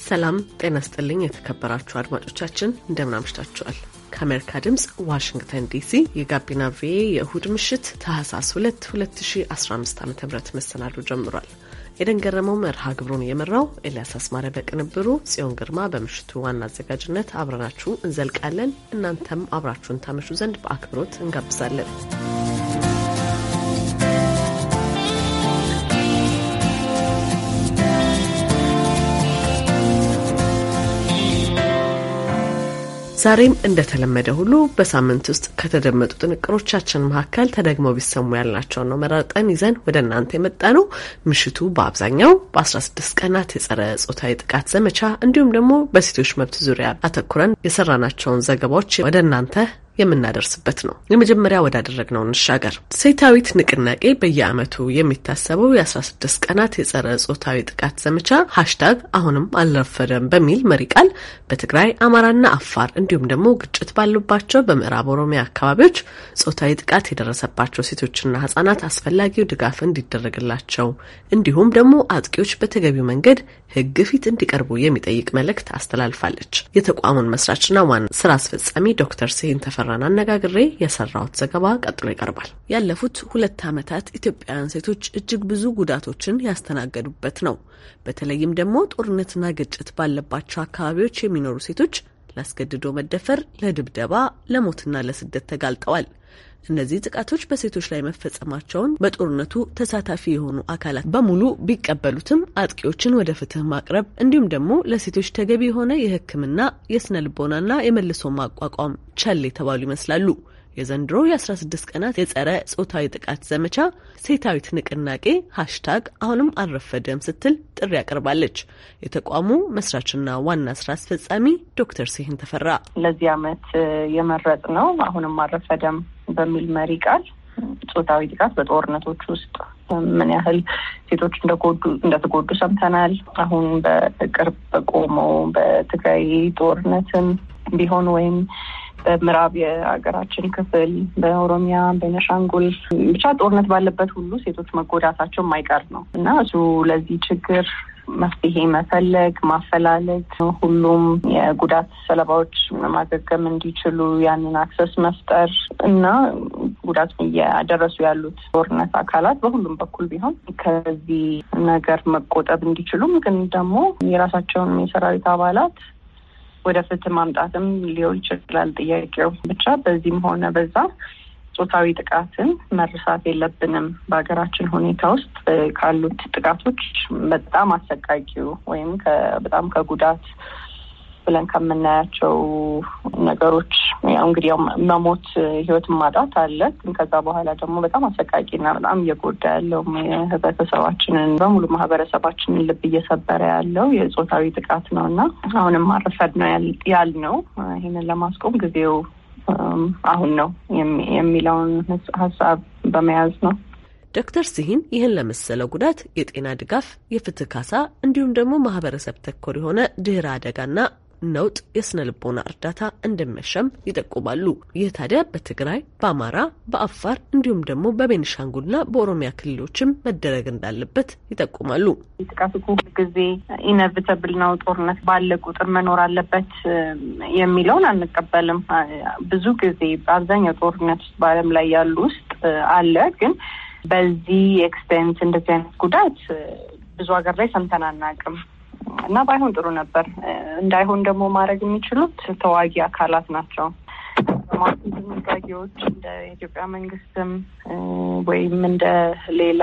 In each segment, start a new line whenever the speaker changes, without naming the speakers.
ሰላም ጤና ስጥልኝ። የተከበራችሁ አድማጮቻችን እንደምን አምሽታችኋል? ከአሜሪካ ድምፅ ዋሽንግተን ዲሲ የጋቢና ቪኦኤ የእሁድ ምሽት ታህሳስ 2 2015 ዓ ም መሰናዶ ጀምሯል። ኤደን ገረመው መርሃ ግብሩን የመራው ኤልያስ አስማረ በቅንብሩ፣ ጽዮን ግርማ በምሽቱ ዋና አዘጋጅነት አብረናችሁ እንዘልቃለን። እናንተም አብራችሁን ታመሹ ዘንድ በአክብሮት እንጋብዛለን። ዛሬም እንደተለመደ ሁሉ በሳምንት ውስጥ ከተደመጡ ጥንቅሮቻችን መካከል ተደግመው ቢሰሙ ያልናቸውን ነው መራርጠን ይዘን ወደ እናንተ የመጣ ነው። ምሽቱ በአብዛኛው በ16 ቀናት የጸረ ጾታዊ ጥቃት ዘመቻ እንዲሁም ደግሞ በሴቶች መብት ዙሪያ አተኩረን የሰራናቸውን ዘገባዎች ወደ እናንተ የምናደርስበት ነው። የመጀመሪያ ወዳደረግነው እንሻገር። ሴታዊት ንቅናቄ በየዓመቱ የሚታሰበው የ16 ቀናት የጸረ ጾታዊ ጥቃት ዘመቻ ሀሽታግ አሁንም አልረፈደም በሚል መሪ ቃል በትግራይ አማራና አፋር እንዲሁም ደግሞ ግጭት ባሉባቸው በምዕራብ ኦሮሚያ አካባቢዎች ጾታዊ ጥቃት የደረሰባቸው ሴቶችና ህጻናት አስፈላጊው ድጋፍ እንዲደረግላቸው እንዲሁም ደግሞ አጥቂዎች በተገቢው መንገድ ህግ ፊት እንዲቀርቡ የሚጠይቅ መልእክት አስተላልፋለች። የተቋሙን መስራችና ዋና ስራ አስፈጻሚ ዶክተር ሴን ተፈ ተፈራን አነጋግሬ የሰራሁት ዘገባ ቀጥሎ ይቀርባል። ያለፉት ሁለት ዓመታት ኢትዮጵያውያን ሴቶች እጅግ ብዙ ጉዳቶችን ያስተናገዱበት ነው። በተለይም ደግሞ ጦርነትና ግጭት ባለባቸው አካባቢዎች የሚኖሩ ሴቶች ላስገድዶ መደፈር፣ ለድብደባ፣ ለሞትና ለስደት ተጋልጠዋል። እነዚህ ጥቃቶች በሴቶች ላይ መፈጸማቸውን በጦርነቱ ተሳታፊ የሆኑ አካላት በሙሉ ቢቀበሉትም አጥቂዎችን ወደ ፍትህ ማቅረብ እንዲሁም ደግሞ ለሴቶች ተገቢ የሆነ የሕክምና የስነ ልቦናና የመልሶ ማቋቋም ቸል የተባሉ ይመስላሉ። የዘንድሮ የ16 ቀናት የጸረ ጾታዊ ጥቃት ዘመቻ ሴታዊት ንቅናቄ ሃሽታግ አሁንም አልረፈደም ስትል ጥሪ ያቀርባለች። የተቋሙ መስራችና ዋና ስራ አስፈጻሚ ዶክተር ሲህን ተፈራ
ለዚህ አመት የመረጥ ነው አሁንም አልረፈደም በሚል መሪ ቃል ጾታዊ ጥቃት በጦርነቶች ውስጥ ምን ያህል ሴቶች እንደጎዱ እንደተጎዱ ሰምተናል። አሁን በቅርብ በቆመው በትግራይ ጦርነትም ቢሆን ወይም በምዕራብ የሀገራችን ክፍል በኦሮሚያ፣ በነሻንጉል ብቻ ጦርነት ባለበት ሁሉ ሴቶች መጎዳታቸው የማይቀር ነው እና እሱ ለዚህ ችግር መፍትሄ መፈለግ፣ ማፈላለግ፣ ሁሉም የጉዳት ሰለባዎች ማገገም እንዲችሉ ያንን አክሰስ መፍጠር እና ጉዳት እያደረሱ ያሉት ጦርነት አካላት በሁሉም በኩል ቢሆን ከዚህ ነገር መቆጠብ እንዲችሉም ግን ደግሞ የራሳቸውን የሰራዊት አባላት ወደ ፍትህ ማምጣትም ሊሆን ይችላል ጥያቄው ብቻ በዚህም ሆነ በዛ ጾታዊ ጥቃትን መርሳት የለብንም። በሀገራችን ሁኔታ ውስጥ ካሉት ጥቃቶች በጣም አሰቃቂው ወይም በጣም ከጉዳት ብለን ከምናያቸው ነገሮች ያው እንግዲህ ያው መሞት ህይወት ማጣት አለ። ግን ከዛ በኋላ ደግሞ በጣም አሰቃቂና በጣም እየጎዳ ያለው ህብረተሰባችንን በሙሉ ማህበረሰባችንን ልብ እየሰበረ ያለው የጾታዊ ጥቃት ነው እና አሁንም ማረፈድ ነው ነው ይህንን ለማስቆም ጊዜው አሁን ነው የሚለውን ሀሳብ በመያዝ ነው። ዶክተር ሲሂን
ይህን ለመሰለው ጉዳት የጤና ድጋፍ፣ የፍትህ ካሳ እንዲሁም ደግሞ ማህበረሰብ ተኮር የሆነ ድህረ አደጋና ነውጥ የስነ ልቦና እርዳታ እንደሚያሻም ይጠቁማሉ። ይህ ታዲያ በትግራይ፣ በአማራ፣ በአፋር እንዲሁም ደግሞ በቤኒሻንጉልና በኦሮሚያ ክልሎችም
መደረግ እንዳለበት ይጠቁማሉ። ጥቃት ሁልጊዜ ኢነቪተብል ነው፣ ጦርነት ባለ ቁጥር መኖር አለበት የሚለውን አንቀበልም። ብዙ ጊዜ በአብዛኛው ጦርነት ውስጥ በዓለም ላይ ያሉ ውስጥ አለ፣ ግን በዚህ ኤክስቴንት እንደዚህ አይነት ጉዳት ብዙ ሀገር ላይ ሰምተን አናውቅም። እና ባይሆን ጥሩ ነበር። እንዳይሆን ደግሞ ማድረግ የሚችሉት ተዋጊ አካላት ናቸው። ማቱ ድንጋጌዎች እንደ ኢትዮጵያ መንግስትም ወይም እንደ ሌላ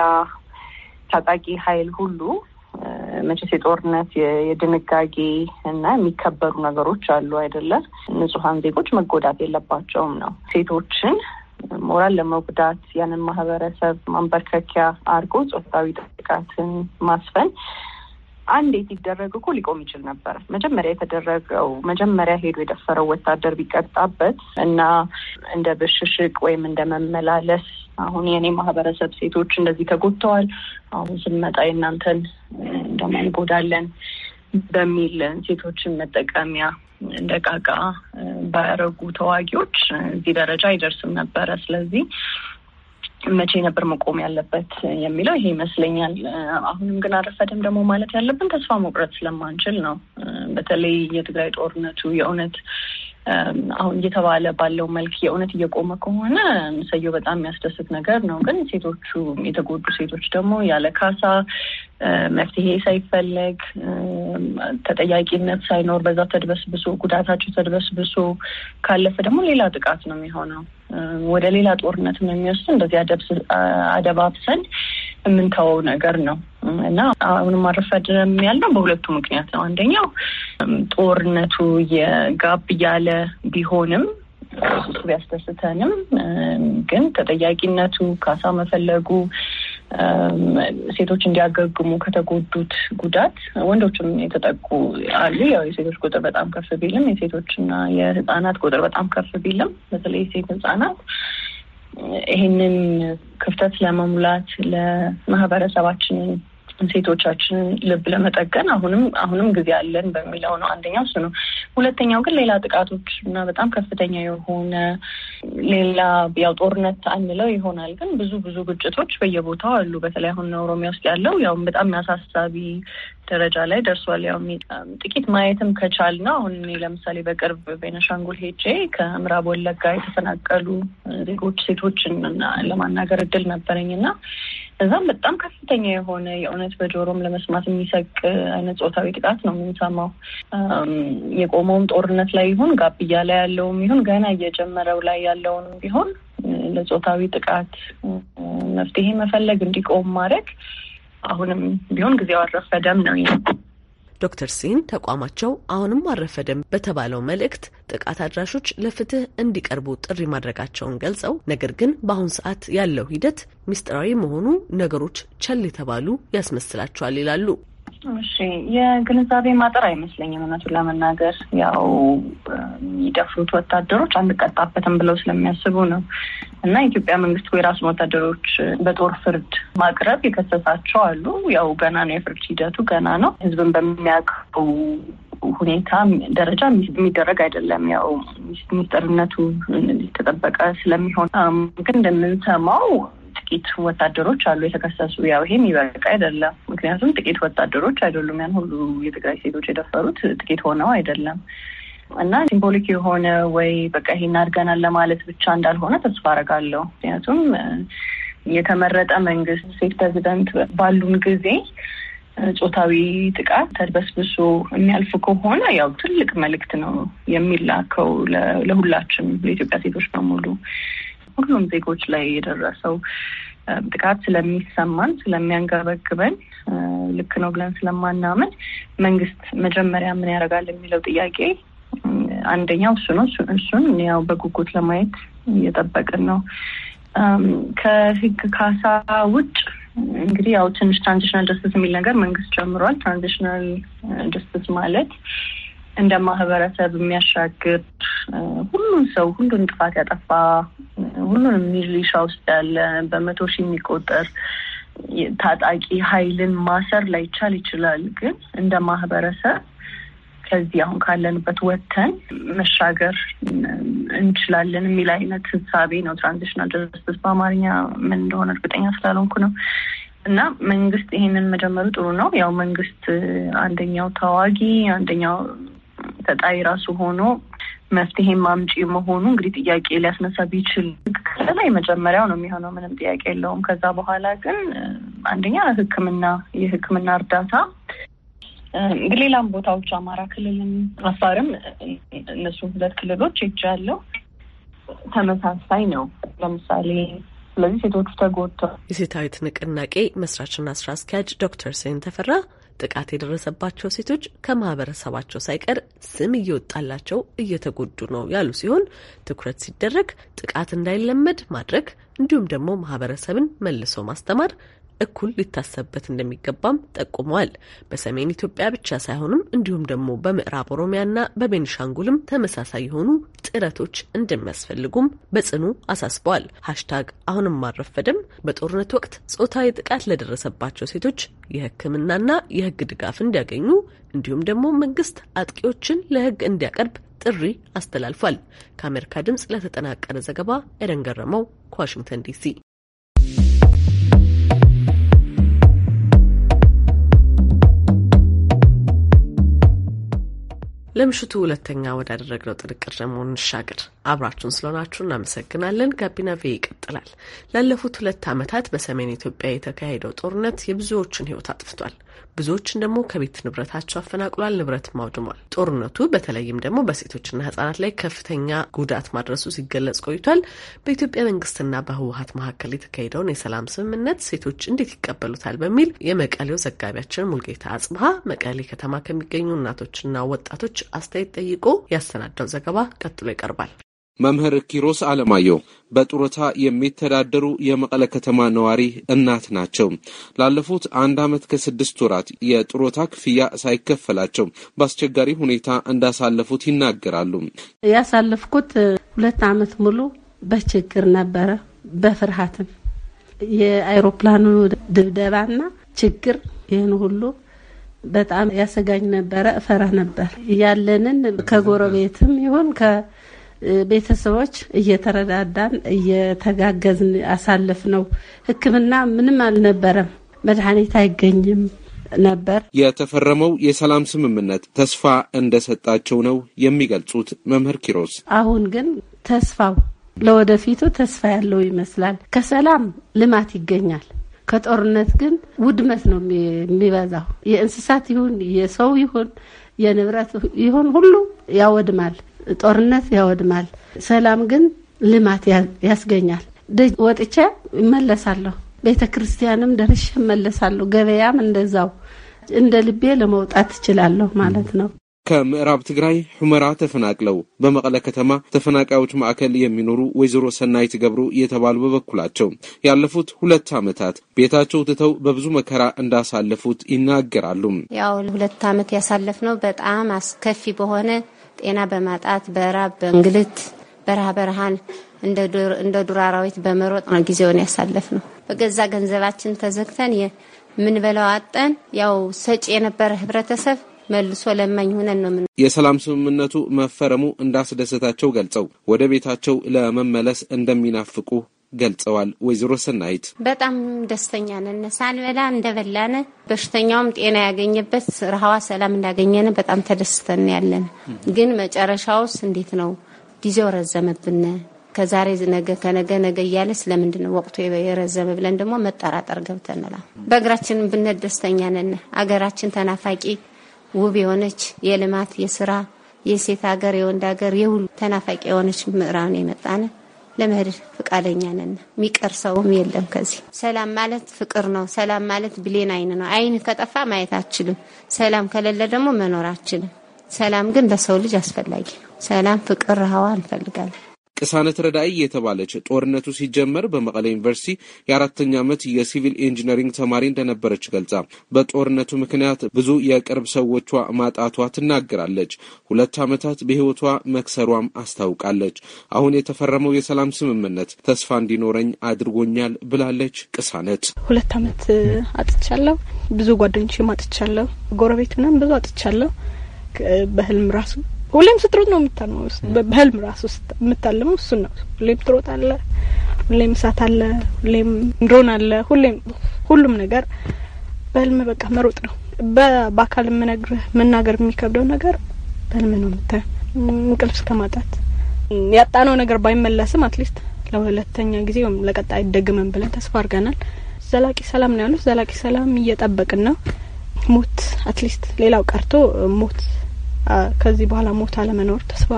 ታጣቂ ኃይል ሁሉ መቼስ የጦርነት የድንጋጌ እና የሚከበሩ ነገሮች አሉ አይደለም። ንጹሐን ዜጎች መጎዳት የለባቸውም ነው። ሴቶችን ሞራል ለመጉዳት ያንን ማህበረሰብ ማንበርከኪያ አድርጎ ጾታዊ ጥቃትን ማስፈን አንዴት ይደረግ እኮ ሊቆም ይችል ነበረ። መጀመሪያ የተደረገው መጀመሪያ ሄዶ የደፈረው ወታደር ቢቀጣበት እና እንደ ብሽሽቅ ወይም እንደ መመላለስ አሁን የእኔ ማህበረሰብ ሴቶች እንደዚህ ተጎድተዋል፣ አሁን ስንመጣ የእናንተን እንደማንጎዳለን በሚል ሴቶችን መጠቀሚያ እንደ ቃቃ ባያረጉ ተዋጊዎች እዚህ ደረጃ አይደርስም ነበረ። ስለዚህ መቼ ነበር መቆም ያለበት የሚለው ይሄ ይመስለኛል። አሁንም ግን አረፈደም ደግሞ ማለት ያለብን ተስፋ መቁረጥ ስለማንችል ነው። በተለይ የትግራይ ጦርነቱ የእውነት አሁን እየተባለ ባለው መልክ የእውነት እየቆመ ከሆነ ሰየው በጣም የሚያስደስት ነገር ነው። ግን ሴቶቹ የተጎዱ ሴቶች ደግሞ ያለ ካሳ መፍትሄ ሳይፈለግ ተጠያቂነት ሳይኖር በዛ ተድበስብሶ ጉዳታቸው ተድበስብሶ ካለፈ ደግሞ ሌላ ጥቃት ነው የሚሆነው። ወደ ሌላ ጦርነት ነው የሚወስድ። እንደዚህ አደባብሰን የምንተወው ነገር ነው እና አሁንም አረፈድንም ያለው በሁለቱ ምክንያት ነው። አንደኛው ጦርነቱ የጋብ እያለ ቢሆንም እሱ ቢያስደስተንም ግን ተጠያቂነቱ፣ ካሳ መፈለጉ ሴቶች እንዲያገግሙ ከተጎዱት ጉዳት ወንዶችም የተጠቁ አሉ። ያው የሴቶች ቁጥር በጣም ከፍ ቢልም የሴቶችና የህጻናት ቁጥር በጣም ከፍ ቢልም በተለይ ሴት ህጻናት ይህንን ክፍተት ለመሙላት ለማህበረሰባችንን ሴቶቻችንን ልብ ለመጠገን አሁንም አሁንም ጊዜ አለን በሚለው ነው። አንደኛው እሱ ነው። ሁለተኛው ግን ሌላ ጥቃቶች እና በጣም ከፍተኛ የሆነ ሌላ ያው ጦርነት አንለው ይሆናል ግን ብዙ ብዙ ግጭቶች በየቦታው አሉ። በተለይ አሁን ኦሮሚያ ውስጥ ያለው ያው በጣም አሳሳቢ ደረጃ ላይ ደርሷል። ያው ጥቂት ማየትም ከቻል ነው። አሁን እኔ ለምሳሌ በቅርብ ቤነሻንጉል ሄጄ ከምዕራብ ወለጋ የተፈናቀሉ ዜጎች ሴቶችን ለማናገር እድል ነበረኝ እና እዛም በጣም ከፍተኛ የሆነ የእውነት በጆሮም ለመስማት የሚሰቅ አይነት ጾታዊ ጥቃት ነው የምንሰማው። የቆመውም ጦርነት ላይ ይሁን ጋብያ ላይ ያለውም ይሁን ገና እየጀመረው ላይ ያለውን ቢሆን ለጾታዊ ጥቃት መፍትሄ መፈለግ እንዲቆም ማድረግ አሁንም ቢሆን ጊዜው አልረፈደም ነው። ዶክተር ሲን
ተቋማቸው አሁንም አልረፈደም በተባለው መልእክት ጥቃት አድራሾች ለፍትህ እንዲቀርቡ ጥሪ ማድረጋቸውን ገልጸው ነገር ግን በአሁን ሰዓት ያለው ሂደት ምስጢራዊ መሆኑ ነገሮች ቸል የተባሉ ያስመስላቸዋል ይላሉ።
እሺ የግንዛቤ ማጠር አይመስለኝም። እውነቱን ለመናገር ያው የሚደፍሩት ወታደሮች አንቀጣበትም ብለው ስለሚያስቡ ነው እና የኢትዮጵያ መንግስት የራሱን ወታደሮች በጦር ፍርድ ማቅረብ የከሰሳቸው አሉ። ያው ገና ነው፣ የፍርድ ሂደቱ ገና ነው። ህዝብን በሚያውቀው ሁኔታ ደረጃ የሚደረግ አይደለም። ያው ሚስጥርነቱ ተጠበቀ ስለሚሆን ግን እንደምንሰማው ጥቂት ወታደሮች አሉ የተከሰሱ። ያው ይሄም ይበቃ አይደለም። ምክንያቱም ጥቂት ወታደሮች አይደሉም ያን ሁሉ የትግራይ ሴቶች የደፈሩት ጥቂት ሆነው አይደለም እና ሲምቦሊክ የሆነ ወይ በቃ ይሄ እናድገናል ለማለት ብቻ እንዳልሆነ ተስፋ አረጋለሁ። ምክንያቱም የተመረጠ መንግስት ሴት ፕሬዚደንት ባሉን ጊዜ ጾታዊ ጥቃት ተድበስብሶ የሚያልፍ ከሆነ ያው ትልቅ መልእክት ነው የሚላከው ለሁላችንም ለኢትዮጵያ ሴቶች በሙሉ። ሁሉም ዜጎች ላይ የደረሰው ጥቃት ስለሚሰማን ስለሚያንገበግበን ልክ ነው ብለን ስለማናምን መንግስት መጀመሪያ ምን ያደርጋል የሚለው ጥያቄ አንደኛው እሱ ነው። እሱን ያው በጉጉት ለማየት እየጠበቅን ነው። ከህግ ካሳ ውጭ እንግዲህ ያው ትንሽ ትራንዚሽናል ጀስትስ የሚል ነገር መንግስት ጀምሯል። ትራንዚሽናል ጀስትስ ማለት እንደ ማህበረሰብ የሚያሻግር ሁሉን ሰው ሁሉን ጥፋት ያጠፋ ሁሉንም ሚሊሻ ውስጥ ያለ በመቶ ሺህ የሚቆጠር ታጣቂ ኃይልን ማሰር ላይቻል ይችላል። ግን እንደ ማህበረሰብ ከዚህ አሁን ካለንበት ወጥተን መሻገር እንችላለን የሚል አይነት ህሳቤ ነው። ትራንዚሽናል ጀስትስ በአማርኛ ምን እንደሆነ እርግጠኛ ስላልሆንኩ ነው። እና መንግስት ይሄንን መጀመሩ ጥሩ ነው። ያው መንግስት አንደኛው ታዋጊ አንደኛው ተጣይ ራሱ ሆኖ መፍትሄም ማምጪ መሆኑ እንግዲህ ጥያቄ ሊያስነሳ ቢችል ከላይ መጀመሪያው ነው የሚሆነው፣ ምንም ጥያቄ የለውም። ከዛ በኋላ ግን አንደኛ ሕክምና የሕክምና እርዳታ ሌላም ቦታዎች አማራ ክልልም አፋርም እነሱ ሁለት ክልሎች ሄጃለሁ። ተመሳሳይ ነው። ለምሳሌ ስለዚህ ሴቶቹ ተጎድተው የሴታዊት ንቅናቄ
መስራችና ስራ አስኪያጅ ዶክተር ሴን ተፈራ ጥቃት የደረሰባቸው ሴቶች ከማህበረሰባቸው ሳይቀር ስም እየወጣላቸው እየተጎዱ ነው ያሉ ሲሆን ትኩረት ሲደረግ ጥቃት እንዳይለመድ ማድረግ እንዲሁም ደግሞ ማህበረሰብን መልሶ ማስተማር እኩል ሊታሰብበት እንደሚገባም ጠቁመዋል። በሰሜን ኢትዮጵያ ብቻ ሳይሆንም እንዲሁም ደግሞ በምዕራብ ኦሮሚያና በቤኒሻንጉልም ተመሳሳይ የሆኑ ጥረቶች እንደሚያስፈልጉም በጽኑ አሳስበዋል። ሀሽታግ አሁንም አልረፈደም በጦርነት ወቅት ጾታዊ ጥቃት ለደረሰባቸው ሴቶች የሕክምናና የሕግ ድጋፍ እንዲያገኙ እንዲሁም ደግሞ መንግስት አጥቂዎችን ለሕግ እንዲያቀርብ ጥሪ አስተላልፏል። ከአሜሪካ ድምጽ ለተጠናቀረ ዘገባ ኤደን ገረመው ከዋሽንግተን ዲሲ ለምሽቱ ሁለተኛ ወዳደረግነው ጥንቅር ደግሞ እንሻገር። አብራችሁን ስለሆናችሁ እናመሰግናለን። ጋቢና ቪ ይቀጥላል። ላለፉት ሁለት ዓመታት በሰሜን ኢትዮጵያ የተካሄደው ጦርነት የብዙዎችን ሕይወት አጥፍቷል። ብዙዎችን ደግሞ ከቤት ንብረታቸው አፈናቅሏል፣ ንብረትም አውድሟል። ጦርነቱ በተለይም ደግሞ በሴቶችና ህጻናት ላይ ከፍተኛ ጉዳት ማድረሱ ሲገለጽ ቆይቷል። በኢትዮጵያ መንግስትና በህወሀት መካከል የተካሄደውን የሰላም ስምምነት ሴቶች እንዴት ይቀበሉታል በሚል የመቀሌው ዘጋቢያችን ሙልጌታ አጽብሃ መቀሌ ከተማ ከሚገኙ እናቶችና ወጣቶች አስተያየት ጠይቆ ያሰናዳው ዘገባ ቀጥሎ ይቀርባል።
መምህር ኪሮስ አለማየሁ በጡረታ የሚተዳደሩ የመቀለ ከተማ ነዋሪ እናት ናቸው። ላለፉት አንድ ዓመት ከስድስት ወራት የጡረታ ክፍያ ሳይከፈላቸው በአስቸጋሪ ሁኔታ እንዳሳለፉት ይናገራሉ።
ያሳለፍኩት ሁለት ዓመት ሙሉ በችግር ነበረ። በፍርሃትም የአይሮፕላኑ ድብደባና ችግር ይህን ሁሉ በጣም ያሰጋኝ ነበረ። እፈራ ነበር። ያለንን ከጎረቤትም ይሁን ቤተሰቦች እየተረዳዳን እየተጋገዝን አሳለፍ ነው። ሕክምና ምንም አልነበረም፣ መድኃኒት አይገኝም ነበር።
የተፈረመው የሰላም ስምምነት ተስፋ እንደሰጣቸው ነው የሚገልጹት መምህር ኪሮስ።
አሁን ግን ተስፋው ለወደፊቱ ተስፋ ያለው ይመስላል። ከሰላም ልማት ይገኛል። ከጦርነት ግን ውድመት ነው የሚበዛው። የእንስሳት ይሁን የሰው ይሁን የንብረት ይሁን ሁሉ ያወድማል። ጦርነት ያወድማል፣ ሰላም ግን ልማት ያስገኛል። ደጅ ወጥቼ እመለሳለሁ፣ ቤተ ክርስቲያንም ደርሼ እመለሳለሁ፣ ገበያም እንደዛው እንደ ልቤ ለመውጣት እችላለሁ ማለት ነው።
ከምዕራብ ትግራይ ሑመራ ተፈናቅለው በመቀለ ከተማ ተፈናቃዮች ማዕከል የሚኖሩ ወይዘሮ ሰናይት ገብሩ የተባሉ በበኩላቸው ያለፉት ሁለት ዓመታት ቤታቸው ትተው በብዙ መከራ እንዳሳለፉት ይናገራሉ።
ያው ሁለት ዓመት ያሳለፍ ነው በጣም አስከፊ በሆነ ጤና በማጣት በራብ በእንግልት በረሃ በረሃን እንደ ዱር አራዊት በመሮጥ ነው ጊዜውን ያሳለፍ ነው። በገዛ ገንዘባችን ተዘግተን የምንበላው አጠን፣ ያው ሰጪ የነበረ ህብረተሰብ መልሶ ለማኝ ሆነን ነው።
የሰላም ስምምነቱ መፈረሙ እንዳስደሰታቸው ገልጸው ወደ ቤታቸው ለመመለስ እንደሚናፍቁ ገልጸዋል። ወይዘሮ ሰናይት
በጣም ደስተኛ ነን። ሳንበላ እንደበላን በሽተኛውም ጤና ያገኘበት ረሃዋ ሰላም እንዳገኘን በጣም ተደስተን ያለን። ግን መጨረሻውስ እንዴት ነው? ጊዜው ረዘመብን። ከዛሬ ነገ ከነገ ነገ እያለ ስለምንድን ነው ወቅቱ የረዘመ ብለን ደግሞ መጠራጠር ገብተንላ። በእግራችን ብነት ደስተኛ ነን። አገራችን ተናፋቂ ውብ የሆነች የልማት የስራ የሴት ሀገር የወንድ ሀገር የሁሉ ተናፋቂ የሆነች ምዕራን የመጣነ ለመሄድ ፍቃደኛ ነን። የሚቀር ሰውም የለም ከዚህ። ሰላም ማለት ፍቅር ነው። ሰላም ማለት ብሌን አይን ነው። አይን ከጠፋ ማየት አችልም። ሰላም ከሌለ ደግሞ መኖር አችልም። ሰላም ግን ለሰው ልጅ አስፈላጊ ነው። ሰላም፣ ፍቅር፣ ረሃዋ እንፈልጋለን።
ቅሳነት ረዳይ የተባለች ጦርነቱ ሲጀመር በመቀለ ዩኒቨርሲቲ የአራተኛ ዓመት የሲቪል ኢንጂነሪንግ ተማሪ እንደነበረች ገልጻ በጦርነቱ ምክንያት ብዙ የቅርብ ሰዎቿ ማጣቷ ትናገራለች። ሁለት ዓመታት በሕይወቷ መክሰሯም አስታውቃለች። አሁን የተፈረመው የሰላም ስምምነት ተስፋ እንዲኖረኝ አድርጎኛል ብላለች። ቅሳነት
ሁለት ዓመት አጥቻለሁ። ብዙ ጓደኞች ማጥቻለሁ። ጎረቤት ምናምን ብዙ አጥቻለሁ። በህልም ራሱ ሁሌም ስትሮጥ ነው የምታልመው። በህልም ራሱ ውስጥ የምታልመው እሱን ነው። ሁሌም ትሮጥ አለ፣ ሁሌም እሳት አለ፣ ሁሌም ድሮን አለ፣ ሁሌም ሁሉም ነገር በህልም በቃ መሮጥ ነው። በአካል የምነግርህ መናገር የሚከብደው ነገር በህልም ነው የምታየው። እንቅልፍ እስከ ማጣት ያጣነው ነገር ባይመለስም አትሊስት ለሁለተኛ ጊዜ ወይም ለቀጣይ አይደግመን ብለን ተስፋ አድርገናል። ዘላቂ ሰላም ነው ያሉት። ዘላቂ ሰላም እየጠበቅን ነው። ሞት አትሊስት ሌላው ቀርቶ ሞት ከዚህ በኋላ ሞት አለመኖር ተስፋ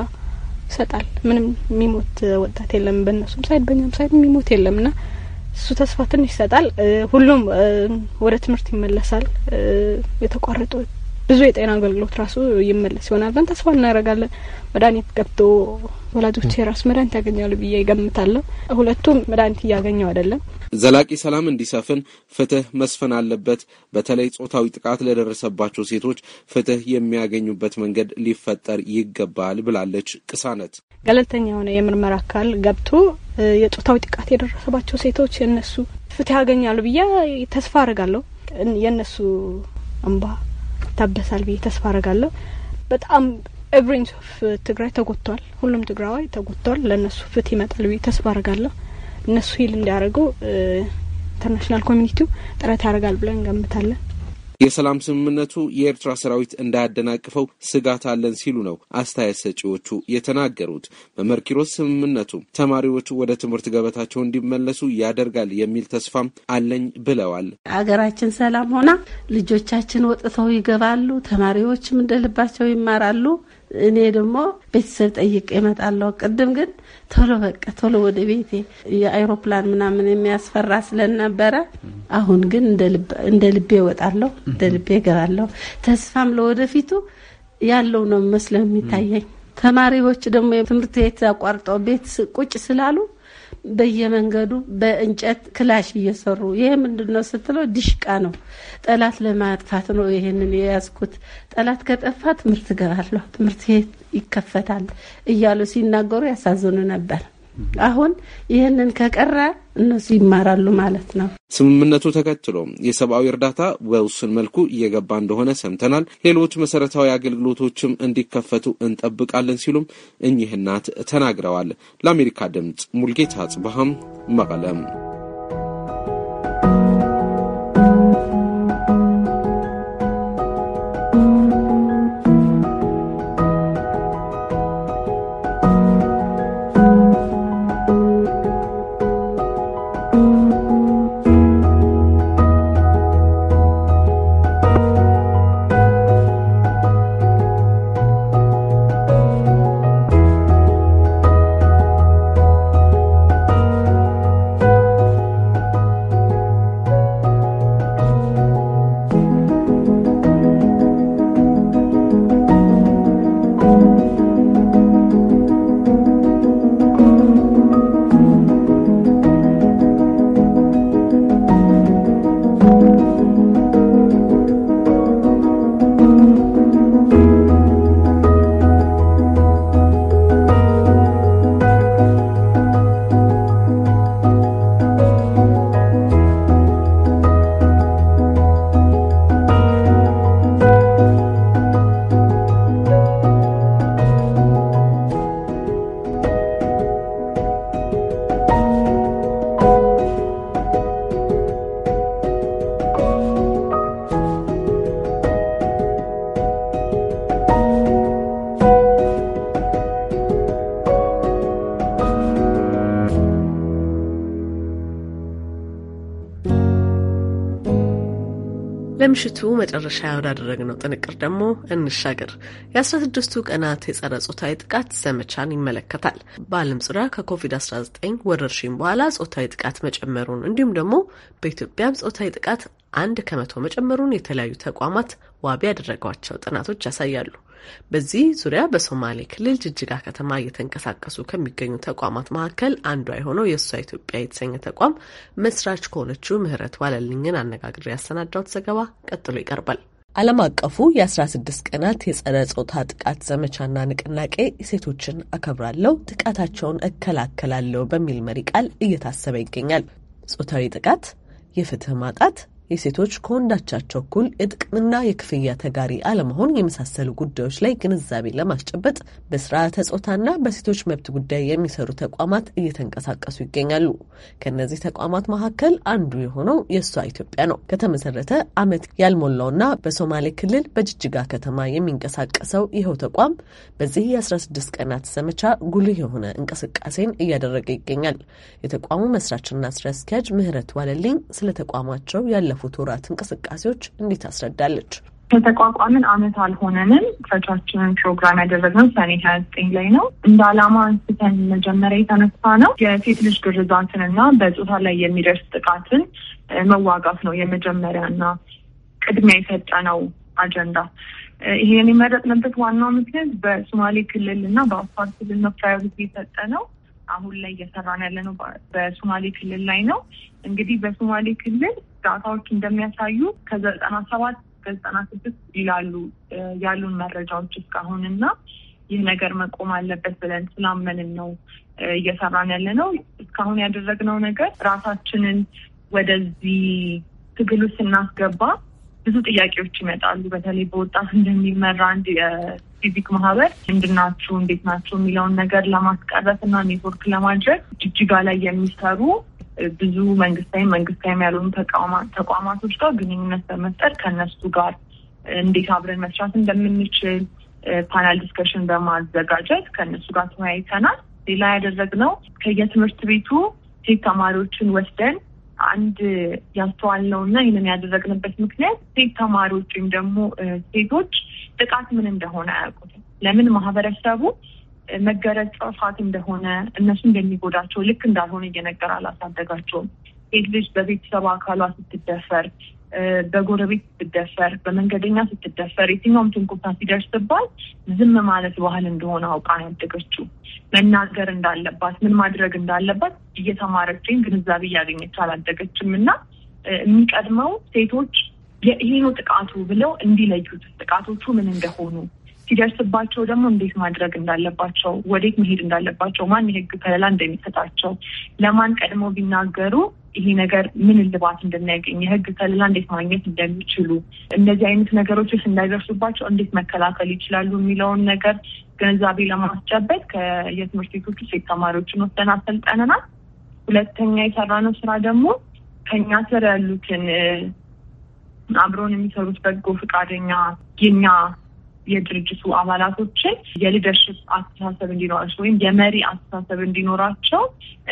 ይሰጣል። ምንም የሚሞት ወጣት የለም፣ በእነሱም ሳይድ በእኛም ሳይድ የሚሞት የለም ና እሱ ተስፋ ትንሽ ይሰጣል። ሁሉም ወደ ትምህርት ይመለሳል። የተቋረጡ ብዙ የጤና አገልግሎት ራሱ ይመለስ ይሆናል ብለን ተስፋ እናደርጋለን። መድኃኒት ገብቶ ወላጆቼ ራሱ መድኃኒት ያገኛሉ ብዬ ይገምታለሁ። ሁለቱም መድኃኒት እያገኘው አይደለም።
ዘላቂ ሰላም እንዲሰፍን ፍትህ መስፈን አለበት። በተለይ ጾታዊ ጥቃት ለደረሰባቸው ሴቶች ፍትህ የሚያገኙበት መንገድ ሊፈጠር ይገባል ብላለች ቅሳነት።
ገለልተኛ የሆነ የምርመራ አካል ገብቶ የጾታዊ ጥቃት የደረሰባቸው ሴቶች የነሱ ፍትህ ያገኛሉ ብዬ ተስፋ አረጋለሁ። የእነሱ እንባ ይታበሳል ብዬ ተስፋ አረጋለሁ። በጣም ኤቭሪንስ ኦፍ ትግራይ ተጎድቷል። ሁሉም ትግራዋይ ተጎድቷል። ለእነሱ ፍትህ ይመጣል ብዬ ተስፋ አረጋለሁ። እነሱ ሂል እንዲያደርገው ኢንተርናሽናል ኮሚኒቲው ጥረት ያደርጋል ብለን እንገምታለን።
የሰላም ስምምነቱ የኤርትራ ሰራዊት እንዳያደናቅፈው ስጋት አለን ሲሉ ነው አስተያየት ሰጪዎቹ የተናገሩት። በመርኪሮስ ስምምነቱ ተማሪዎቹ ወደ ትምህርት ገበታቸው እንዲመለሱ ያደርጋል የሚል ተስፋም አለኝ ብለዋል።
አገራችን ሰላም ሆና ልጆቻችን ወጥተው ይገባሉ፣ ተማሪዎችም እንደልባቸው ይማራሉ። እኔ ደግሞ ቤተሰብ ጠይቄ እመጣለሁ። ቅድም ግን ቶሎ በቃ ቶሎ ወደ ቤቴ የአይሮፕላን ምናምን የሚያስፈራ ስለነበረ አሁን ግን እንደ ልቤ እወጣለሁ፣ እንደ ልቤ እገባለሁ። ተስፋም ለወደፊቱ ያለው ነው መስለው የሚታየኝ። ተማሪዎች ደግሞ ትምህርት ቤት አቋርጠው ቤት ቁጭ ስላሉ በየመንገዱ በእንጨት ክላሽ እየሰሩ ይሄ ምንድን ነው ስትለው ዲሽቃ ነው፣ ጠላት ለማጥፋት ነው ይሄንን የያዝኩት፣ ጠላት ከጠፋ ትምህርት እገባለሁ፣ ትምህርት ይከፈታል እያሉ ሲናገሩ ያሳዝኑ ነበር። አሁን ይህንን ከቀረ እነሱ ይማራሉ ማለት ነው።
ስምምነቱ ተከትሎ የሰብአዊ እርዳታ በውስን መልኩ እየገባ እንደሆነ ሰምተናል። ሌሎች መሰረታዊ አገልግሎቶችም እንዲከፈቱ እንጠብቃለን ሲሉም እኚህ እናት ተናግረዋል። ለአሜሪካ ድምፅ ሙልጌታ አጽባሃም መቀለም
ለምሽቱ መጨረሻ ወዳደረግነው ጥንቅር ደግሞ እንሻገር። ቀናት የጸረ ጾታዊ ጥቃት ዘመቻን ይመለከታል። በዓለም ዙሪያ ከኮቪድ-19 ወረርሽኝ በኋላ ጾታዊ ጥቃት መጨመሩን እንዲሁም ደግሞ በኢትዮጵያም ጾታዊ ጥቃት አንድ ከመቶ መጨመሩን የተለያዩ ተቋማት ዋቢ ያደረጓቸው ጥናቶች ያሳያሉ። በዚህ ዙሪያ በሶማሌ ክልል ጅጅጋ ከተማ እየተንቀሳቀሱ ከሚገኙ ተቋማት መካከል አንዷ የሆነው የእሷ ኢትዮጵያ የተሰኘ ተቋም መስራች ከሆነችው ምህረት ዋለልኝን አነጋግሬ ያሰናዳሁት ዘገባ ቀጥሎ ይቀርባል። ዓለም አቀፉ የ16 ቀናት የጸረ ጾታ ጥቃት ዘመቻና ንቅናቄ ሴቶችን አከብራለሁ ጥቃታቸውን እከላከላለሁ በሚል መሪ ቃል እየታሰበ ይገኛል። ጾታዊ ጥቃት፣ የፍትህ ማጣት፣ የሴቶች ከወንዳቻቸው እኩል የጥቅምና የክፍያ ተጋሪ አለመሆን የመሳሰሉ ጉዳዮች ላይ ግንዛቤ ለማስጨበጥ በስርዓተ ጾታና በሴቶች መብት ጉዳይ የሚሰሩ ተቋማት እየተንቀሳቀሱ ይገኛሉ። ከእነዚህ ተቋማት መካከል አንዱ የሆነው የእሷ ኢትዮጵያ ነው። ከተመሰረተ ዓመት ያልሞላውና በሶማሌ ክልል በጅጅጋ ከተማ የሚንቀሳቀሰው ይኸው ተቋም በዚህ የ16 ቀናት ዘመቻ ጉልህ የሆነ እንቅስቃሴን እያደረገ ይገኛል። የተቋሙ መስራችና ስራ አስኪያጅ ምህረት ዋለልኝ ስለ ተቋማቸው ያለፉ ስላለፉት ወራት እንቅስቃሴዎች እንዴት አስረዳለች።
ከተቋቋምን አመት አልሆነንም። ፈቻችንን ፕሮግራም ያደረግነው ሰኔ ሀያ ዘጠኝ ላይ ነው። እንደ አላማ አንስተን መጀመሪያ የተነሳ ነው የሴት ልጅ ግርዛትን እና በጾታ ላይ የሚደርስ ጥቃትን መዋጋት ነው የመጀመሪያና ቅድሚያ የሰጠነው አጀንዳ። ይሄን የመረጥንበት ዋናው ምክንያት በሶማሌ ክልል እና በአፋር ክልል ነው ፕራዮሪቲ የሰጠነው አሁን ላይ እየሰራን ያለ ነው በሶማሌ ክልል ላይ ነው። እንግዲህ በሶማሌ ክልል ዳታዎች እንደሚያሳዩ ከዘጠና ሰባት ከዘጠና ስድስት ይላሉ ያሉን መረጃዎች እስካሁን እና ይህ ነገር መቆም አለበት ብለን ስላመንን ነው እየሰራን ያለ ነው። እስካሁን ያደረግነው ነገር ራሳችንን ወደዚህ ትግሉ ስናስገባ ብዙ ጥያቄዎች ይመጣሉ። በተለይ በወጣት እንደሚመራ አንድ የሲቪክ ማህበር ምንድናችሁ፣ እንዴት ናችሁ የሚለውን ነገር ለማስቀረት እና ኔትወርክ ለማድረግ ጅጅጋ ላይ የሚሰሩ ብዙ መንግስታዊ መንግስታዊም ያልሆኑ ተቋማቶች ጋር ግንኙነት በመፍጠር ከእነሱ ጋር እንዴት አብረን መስራት እንደምንችል ፓናል ዲስከሽን በማዘጋጀት ከእነሱ ጋር ተወያይተናል። ሌላ ያደረግነው ከየትምህርት ቤቱ ሴት ተማሪዎችን ወስደን አንድ እና ይህንን ያደረግንበት ምክንያት ሴት ተማሪዎች ወይም ደግሞ ሴቶች ጥቃት ምን እንደሆነ አያውቁትም። ለምን ማህበረሰቡ መገረዝ ጥፋት እንደሆነ እነሱ እንደሚጎዳቸው ልክ እንዳልሆነ እየነገር አላሳደጋቸውም። ሴት ልጅ በቤተሰብ አካሏ ስትደፈር በጎረቤት ስትደፈር፣ በመንገደኛ ስትደፈር፣ የትኛውም ትንኮሳ ሲደርስባት ዝም ማለት ባህል እንደሆነ አውቃ ነው ያደገችው። መናገር እንዳለባት ምን ማድረግ እንዳለባት እየተማረችኝ ግንዛቤ እያገኘች አላደገችም እና የሚቀድመው ሴቶች ይሄ ነው ጥቃቱ ብለው እንዲለዩት ጥቃቶቹ ምን እንደሆኑ ሲደርስባቸው ደግሞ እንዴት ማድረግ እንዳለባቸው፣ ወዴት መሄድ እንዳለባቸው፣ ማን የህግ ከለላ እንደሚሰጣቸው፣ ለማን ቀድመው ቢናገሩ ይሄ ነገር ምን እልባት እንደሚያገኝ፣ የህግ ከለላ እንዴት ማግኘት እንደሚችሉ፣ እነዚህ አይነት ነገሮች እንዳይደርሱባቸው እንዴት መከላከል ይችላሉ የሚለውን ነገር ግንዛቤ ለማስጨበጥ ከየትምህርት ቤቶች ሴት ተማሪዎችን ወስደን አሰልጠንናል። ሁለተኛ የሰራነው ስራ ደግሞ ከኛ ስር ያሉትን አብረውን የሚሰሩት በጎ ፈቃደኛ የኛ የድርጅቱ አባላቶችን የሊደርሽፕ አስተሳሰብ እንዲኖራቸው ወይም የመሪ አስተሳሰብ እንዲኖራቸው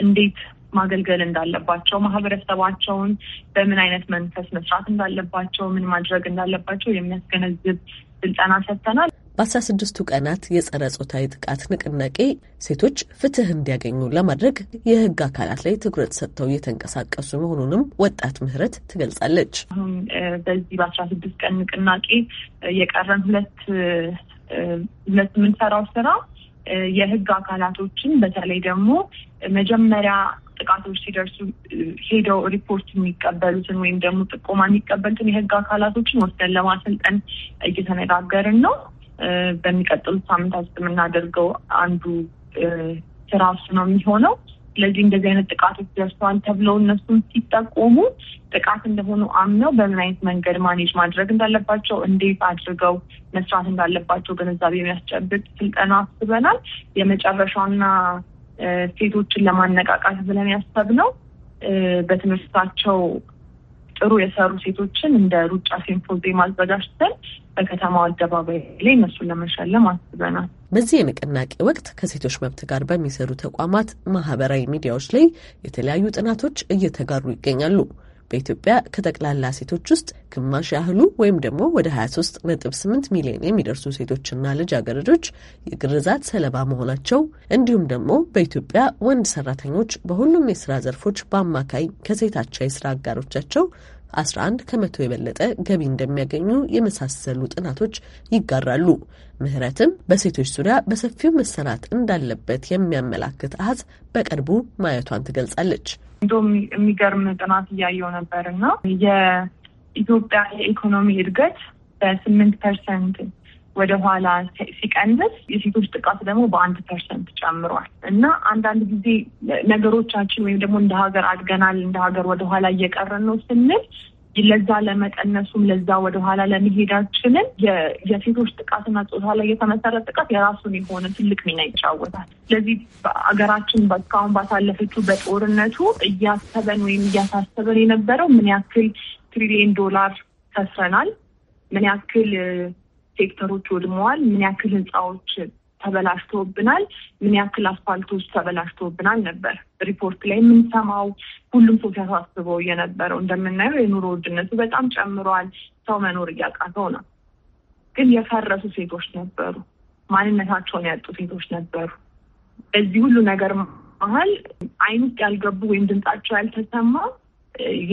እንዴት ማገልገል እንዳለባቸው ማህበረሰባቸውን በምን አይነት መንፈስ መስራት
እንዳለባቸው ምን ማድረግ እንዳለባቸው የሚያስገነዝብ ስልጠና ሰጥተናል። በ16ቱ ቀናት የጸረ ጾታዊ ጥቃት ንቅናቄ ሴቶች ፍትህ እንዲያገኙ ለማድረግ የህግ አካላት ላይ ትኩረት ሰጥተው እየተንቀሳቀሱ መሆኑንም ወጣት ምህረት ትገልጻለች።
አሁን
በዚህ በአስራ ስድስት ቀን ንቅናቄ የቀረን ሁለት ሁለት የምንሰራው ስራ የህግ አካላቶችን በተለይ ደግሞ መጀመሪያ ጥቃቶች ሲደርሱ ሄደው ሪፖርት የሚቀበሉትን ወይም ደግሞ ጥቆማ የሚቀበሉትን የህግ አካላቶችን ወስደን ለማሰልጠን እየተነጋገርን ነው። በሚቀጥሉት ሳምንታት የምናደርገው አንዱ ስራ እሱ ነው የሚሆነው። ስለዚህ እንደዚህ አይነት ጥቃቶች ደርሰዋል ተብለው እነሱም ሲጠቆሙ ጥቃት እንደሆኑ አምነው በምን አይነት መንገድ ማኔጅ ማድረግ እንዳለባቸው፣ እንዴት አድርገው መስራት እንዳለባቸው ግንዛቤ የሚያስጨብጥ ስልጠና አስበናል። የመጨረሻውና ሴቶችን ለማነቃቃት ብለን ያሰብነው በትምህርታቸው ጥሩ የሰሩ ሴቶችን እንደ ሩጫ ሲምፖዚየም አዘጋጅተን በከተማው አደባባይ ላይ እነሱን ለመሸለም
አስበናል። በዚህ የንቅናቄ ወቅት ከሴቶች መብት ጋር በሚሰሩ ተቋማት ማህበራዊ ሚዲያዎች ላይ የተለያዩ ጥናቶች እየተጋሩ ይገኛሉ። በኢትዮጵያ ከጠቅላላ ሴቶች ውስጥ ግማሽ ያህሉ ወይም ደግሞ ወደ 23 8 ሚሊዮን የሚደርሱ ሴቶችና ልጃገረዶች የግርዛት ሰለባ መሆናቸው እንዲሁም ደግሞ በኢትዮጵያ ወንድ ሰራተኞች በሁሉም የስራ ዘርፎች በአማካይ ከሴታቸው የስራ አጋሮቻቸው 11 ከመቶ የበለጠ ገቢ እንደሚያገኙ የመሳሰሉ ጥናቶች ይጋራሉ። ምህረትም በሴቶች ዙሪያ በሰፊው መሰራት እንዳለበት የሚያመላክት አሀዝ በቅርቡ ማየቷን ትገልጻለች።
እንደውም የሚገርም ጥናት እያየው ነበር እና የኢትዮጵያ የኢኮኖሚ እድገት በስምንት ፐርሰንት ወደ ኋላ ሲቀንስ የሴቶች ጥቃት ደግሞ በአንድ ፐርሰንት ጨምሯል እና አንዳንድ ጊዜ ነገሮቻችን ወይም ደግሞ እንደ ሀገር አድገናል፣ እንደ ሀገር ወደኋላ እየቀረን ነው ስንል ለዛ ለመቀነሱም ለዛ ወደኋላ ለመሄዳችንን የሴቶች ጥቃትና ጾታ ላይ የተመሰረተ ጥቃት የራሱን የሆነ ትልቅ ሚና ይጫወታል። ስለዚህ ሀገራችን እስካሁን ባሳለፈችው በጦርነቱ እያሰበን ወይም እያሳሰበን የነበረው ምን ያክል ትሪሊየን ዶላር ከስረናል፣ ምን ያክል ሴክተሮች ወድመዋል፣ ምን ያክል ህንፃዎች ተበላሽተውብናል፣ ምን ያክል አስፋልቶች ተበላሽተውብናል ነበር ሪፖርት ላይ የምንሰማው። ሁሉም ሰው ሲያሳስበው የነበረው እንደምናየው የኑሮ ውድነቱ በጣም ጨምሯል፣ ሰው መኖር እያቃተው ነው። ግን የፈረሱ ሴቶች ነበሩ፣ ማንነታቸውን ያጡ ሴቶች ነበሩ። በዚህ ሁሉ ነገር መሀል አይን ውስጥ ያልገቡ ወይም ድምጻቸው ያልተሰማ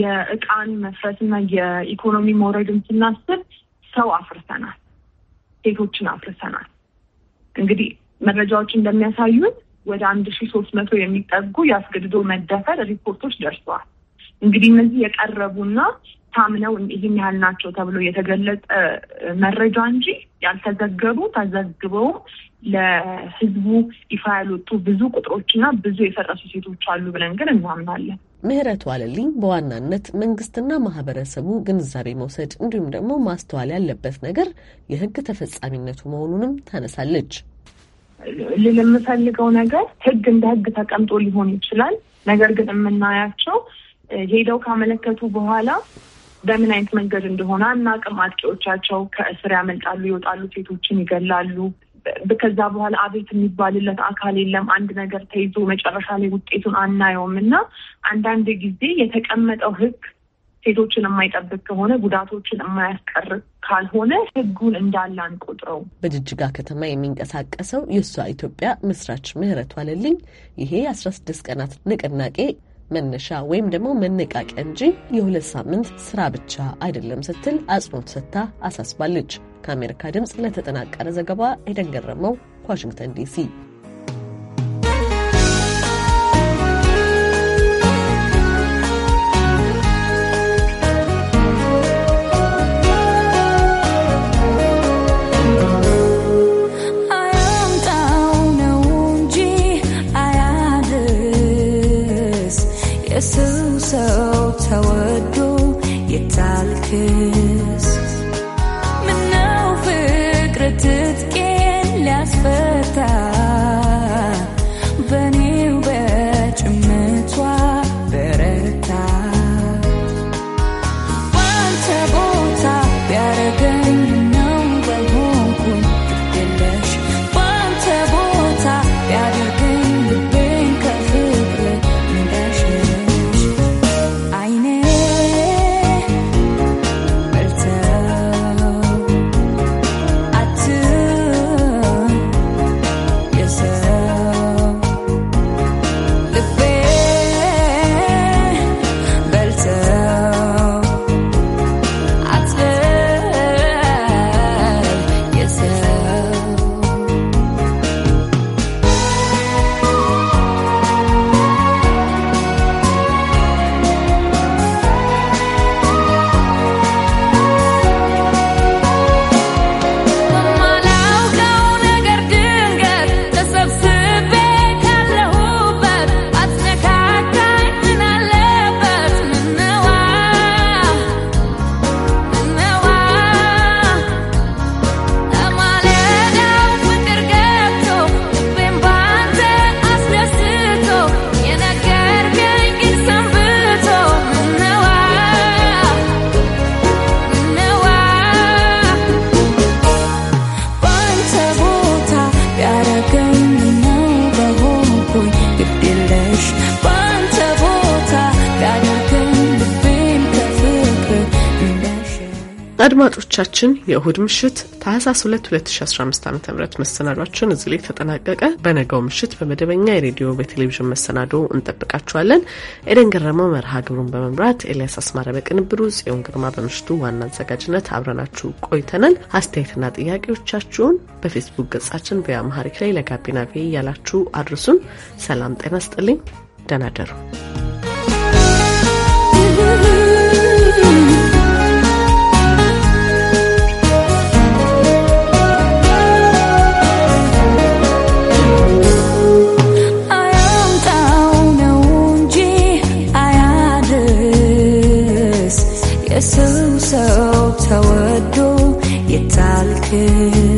የእቃን መፍረስና የኢኮኖሚ መውረድን ስናስብ ሰው አፍርሰናል። ሴቶችን አፍርሰናል። እንግዲህ መረጃዎች እንደሚያሳዩት ወደ አንድ ሺ ሶስት መቶ የሚጠጉ የአስገድዶ መደፈር ሪፖርቶች ደርሰዋል። እንግዲህ እነዚህ የቀረቡና ታምነው ይህን ያህል ናቸው ተብሎ የተገለጠ መረጃ እንጂ ያልተዘገቡ ተዘግበውም ለሕዝቡ ይፋ ያልወጡ ብዙ ቁጥሮችና ብዙ የፈረሱ ሴቶች አሉ ብለን ግን እናምናለን።
ምህረቱ አለልኝ በዋናነት መንግስትና ማህበረሰቡ ግንዛቤ መውሰድ እንዲሁም ደግሞ ማስተዋል ያለበት ነገር የህግ ተፈጻሚነቱ መሆኑንም ታነሳለች።
ልል የምፈልገው ነገር ህግ እንደ ህግ ተቀምጦ ሊሆን ይችላል። ነገር ግን የምናያቸው ሄደው ካመለከቱ በኋላ በምን አይነት መንገድ እንደሆነ አናውቅም። አጥቂዎቻቸው ከእስር ያመልጣሉ፣ ይወጣሉ፣ ሴቶችን ይገላሉ፣ ከዛ በኋላ አቤት የሚባልለት አካል የለም። አንድ ነገር ተይዞ መጨረሻ ላይ ውጤቱን አናየውም እና አንዳንድ ጊዜ የተቀመጠው ህግ ሴቶችን የማይጠብቅ ከሆነ
ጉዳቶችን የማያስቀር ካልሆነ ህጉን እንዳለ አንቆጥረው። በጅጅጋ ከተማ የሚንቀሳቀሰው የእሷ ኢትዮጵያ መስራች ምህረቷ ለልኝ ይሄ የአስራ ስድስት ቀናት ንቅናቄ መነሻ ወይም ደግሞ መነቃቂያ እንጂ የሁለት ሳምንት ስራ ብቻ አይደለም ስትል አጽንኦት ሰጥታ አሳስባለች። ከአሜሪካ ድምፅ ለተጠናቀረ ዘገባ ኤደን ገረመው ከዋሽንግተን ዲሲ አድማጮቻችን የእሁድ ምሽት ታህሳስ 2 2015 ዓ ም መሰናዷችን እዚህ ላይ ተጠናቀቀ። በነገው ምሽት በመደበኛ የሬዲዮ በቴሌቪዥን መሰናዶ እንጠብቃችኋለን። ኤደን ገረመው መርሃ ግብሩን በመምራት ኤልያስ አስማረ በቅንብሩ፣ ጽዮን ግርማ በምሽቱ ዋና አዘጋጅነት አብረናችሁ ቆይተናል። አስተያየትና ጥያቄዎቻችሁን በፌስቡክ ገጻችን በያማሐሪክ ላይ ለጋቢና ቪ ያላችሁ አድርሱን። ሰላም ጤና ስጥልኝ። ደህና ደሩ።
could